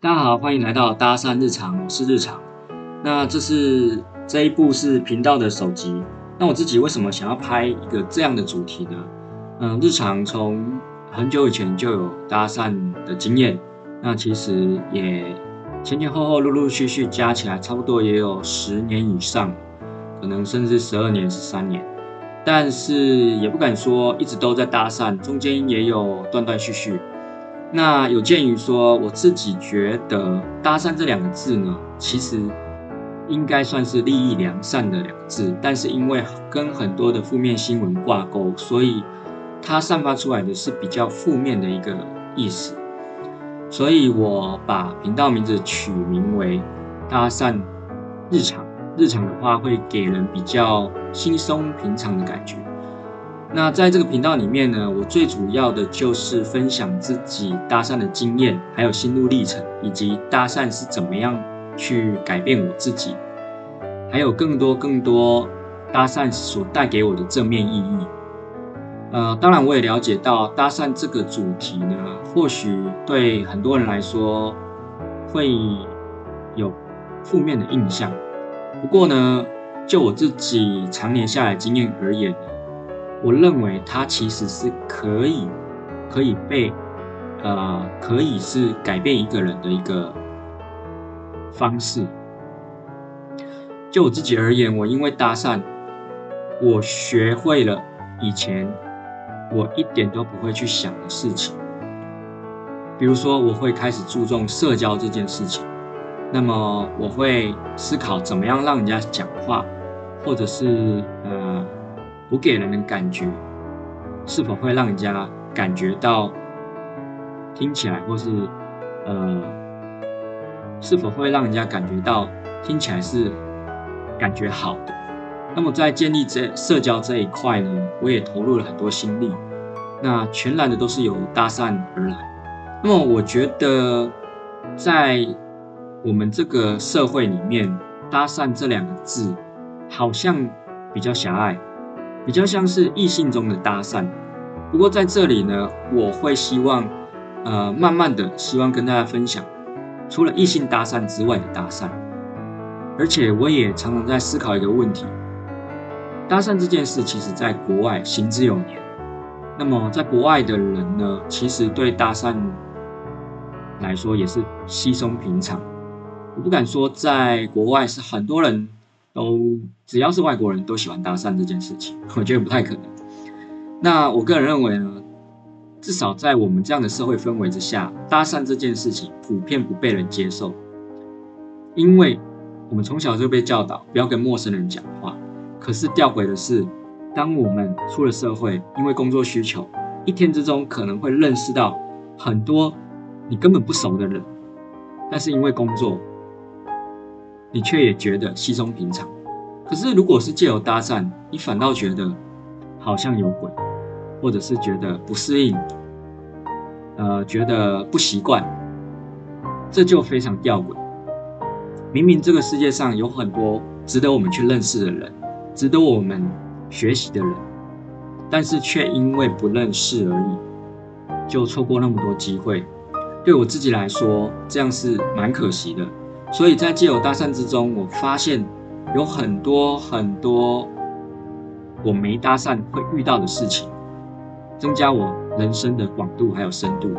大家好，歡迎來到搭訕日常，我是日常。那這是這一部是頻道的首集。那我自己為什麼想要拍一個這樣的主題呢？嗯，日常從很久以前就有搭訕的經驗，那其實也。前前後後陸陸續續加起來，差不多也有十年以上，可能甚至十二年、十三年，但是也不敢說一直都在搭訕，中間也有斷斷續續。那有鑑於說，我自己覺得“搭訕”這兩個字呢，其實應該算是立意良善的兩個字，但是因為跟很多的負面新聞掛鈎，所以它散發出來的是比較負面的一個意思。所以，我把頻道名字取名為“搭訕日常”。日常的話，會給人比較輕鬆平常的感覺。那在這個頻道裡面呢，我最主要的就是分享自己搭訕的經驗，還有心路歷程，以及搭訕是怎麼樣去改變我自己，還有更多更多搭訕所帶給我的正面意義。呃，當然，我也了解到搭訕這個主題呢，或許對很多人來說會有負面的印象。不過呢，就我自己常年下來經驗而言，我認為它其實是可以，可以被，呃，可以是改變一個人的一個方式。就我自己而言，我因為搭訕，我學會了以前。我一點都不會去想的事情，比如說我會開始注重社交這件事情，那麼我會思考怎麼樣讓人家講話，或者是呃，我給人的感覺是否會讓人家感覺到聽起來，或是呃，是否會讓人家感覺到聽起來是感覺好的。那麼在建立這社交這一塊呢，我也投入了很多心力。那全然的都是由搭訕而來。那麼，我覺得在我們這個社會裡面，“搭訕”這兩個字好像比較狹隘，比較像是異性中的搭訕。不過在這裡呢，我會希望，呃，慢慢的希望跟大家分享，除了異性搭訕之外的搭訕。而且我也常常在思考一個問題：搭訕這件事，其實在國外行之有年。那麼，在國外的人呢，其實對搭訕來說也是稀鬆平常。我不敢說，在國外是很多人都只要是外國人都喜歡搭訕這件事情，我覺得不太可能。那我個人認為呢，至少在我們這樣的社會氛圍之下，搭訕這件事情普遍不被人接受，因為我們從小就被教導不要跟陌生人講話。可是吊詭的是，當我們出了社會，因為工作需求，一天之中可能會認識到很多你根本不熟的人，但是因為工作，你卻也覺得稀鬆平常。可是如果是借由搭訕，你反倒覺得好像有鬼，或者是覺得不適應，呃，覺得不習慣，這就非常吊詭。明明這個世界上有很多值得我們去認識的人，值得我們。學習的人，但是卻因為不認識而已，就錯過那麼多機會。對我自己來說，這樣是蠻可惜的。所以在藉由搭訕之中，我發現有很多很多我沒搭訕會遇到的事情，增加我人生的廣度還有深度。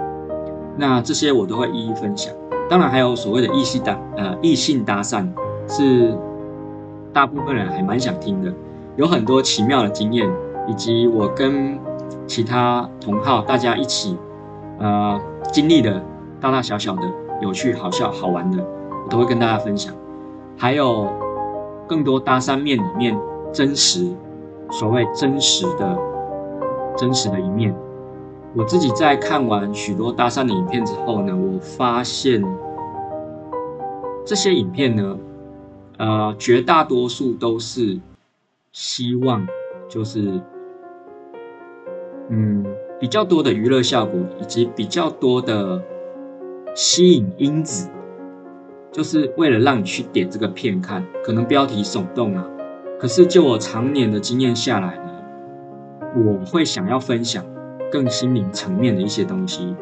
那這些我都會一一分享。當然還有所謂的異性搭呃異性搭訕，是大部分人還蠻想聽的。有很多奇妙的經驗，以及我跟其他同好大家一起，呃，經歷的大大小小的有趣、好笑、好玩的，我都會跟大家分享。還有更多搭訕面裡面真實，所謂真實的、真實的一面。我自己在看完許多搭訕的影片之後呢，我發現這些影片呢，呃，絕大多數都是。希望就是，嗯，比較多的娛樂效果，以及比較多的吸引因子，就是為了讓你去點這個片看。可能標題聳動啊，可是就我常年的經驗下來呢，我會想要分享更心靈層面的一些東西，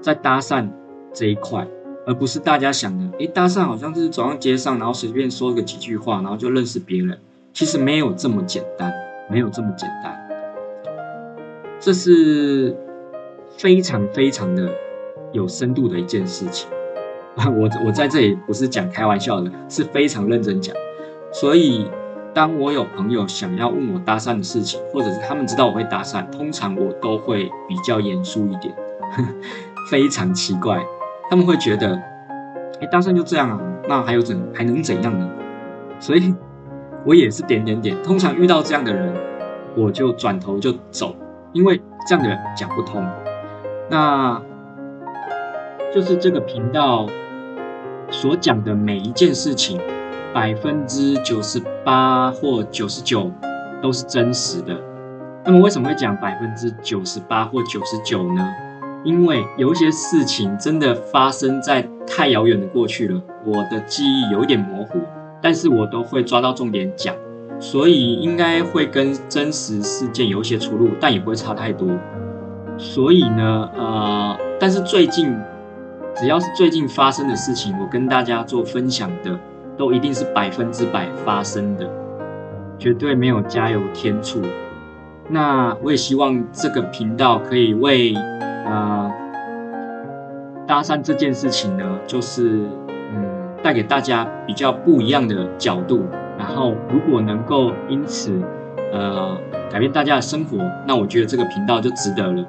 在搭訕這一塊，而不是大家想的，哎、欸，搭訕好像是走上街上，然後隨便說個幾句話，然後就認識別人。其實沒有這麼簡單，沒有這麼簡單，這是非常非常的有深度的一件事情。我我在這裡不是講開玩笑的，是非常認真講。所以，當我有朋友想要問我搭訕的事情，或者是他們知道我會搭訕，通常我都會比較嚴肅一點，呵呵，非常奇怪，他們會覺得，哎、欸，搭訕就這樣啊，那還有怎還能怎樣呢？所以。我也是點點點。通常遇到這樣的人，我就轉頭就走，因為這樣的人講不通。那就是這個頻道所講的每一件事情，百分之九十八或九十九都是真實的。那麼為什麼會講百分之九十八或九十九呢？因為有一些事情真的發生在太遙遠的過去了，我的記憶有點模糊。但是我都會抓到重點講，所以應該會跟真實事件有一些出入，但也不會差太多。所以呢，呃，但是最近只要是最近發生的事情，我跟大家做分享的，都一定是百分之百發生的，絕對沒有加油添醋。那我也希望這個頻道可以為呃，搭訕這件事情呢，就是嗯。帶給大家比較不一樣的角度，然後如果能夠因此，呃，改變大家的生活，那我覺得這個頻道就值得了。